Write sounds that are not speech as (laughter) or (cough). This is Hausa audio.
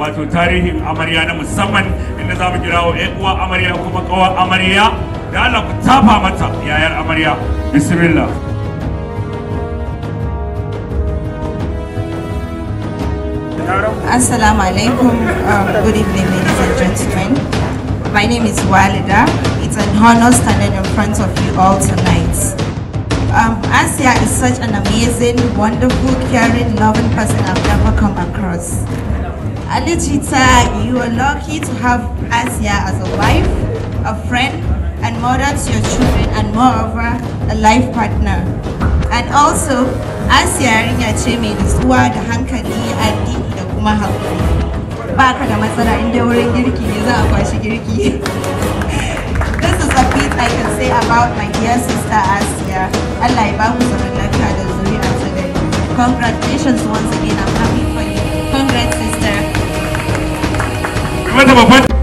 wato tarihin amarya na musamman inda za mu kira wa uwa amarya kuma kawar amarya da Allah ku tafa mata yayar amarya bismillah Assalamu alaikum, um, good evening ladies and gentlemen. My name is Walida. It's an honor standing in front of you all tonight. Um, Asia is such an amazing, wonderful, caring, loving person I've never come across. Alejita, you are lucky to have us as a wife, a friend, and mother to your children, and moreover, a life partner. And also, as yarinya ce mai nutsuwa da hankali, addini da kuma haƙuri. Ba ka da matsala inda wurin girki ne za a (laughs) This is a bit I can say about my dear sister Asiya. Allah ya ba ku zaman lafiya da zuri'a Congratulations once again. Bantu